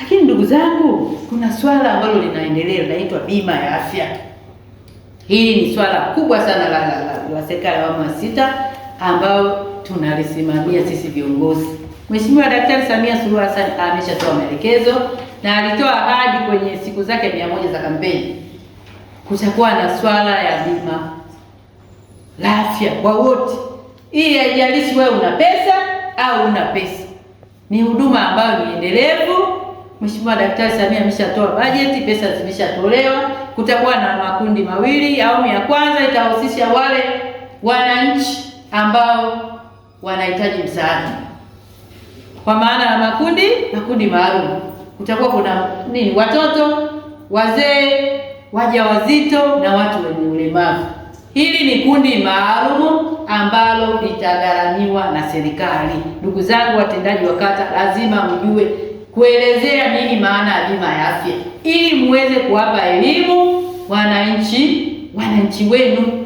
Lakini ndugu zangu, kuna swala ambalo linaendelea linaitwa bima ya afya. Hili ni swala kubwa sana la, la, la, la serikali ya awamu ya sita ambao tunalisimamia sisi viongozi. Mheshimiwa Daktari Samia Suluhu Hassan ameshatoa maelekezo na alitoa ahadi kwenye siku zake mia moja za kampeni, kutakuwa na swala ya bima la afya kwa wote. ili haijalishi wewe una pesa au una pesa, ni huduma ambayo ni endelevu Mheshimiwa Daktari Samia ameshatoa bajeti, pesa zimeshatolewa. Kutakuwa na makundi mawili. Awamu ya kwanza itahusisha wale wananchi ambao wanahitaji msaada, kwa maana ya makundi makundi maalum. Kutakuwa kuna nini? Watoto, wazee, wajawazito na watu wenye ulemavu. Hili ni kundi maalum ambalo litagharamiwa na serikali. Ndugu zangu watendaji wa kata, lazima mjue kuelezea nini maana ya bima ya afya ili muweze kuwapa elimu wananchi wananchi wenu.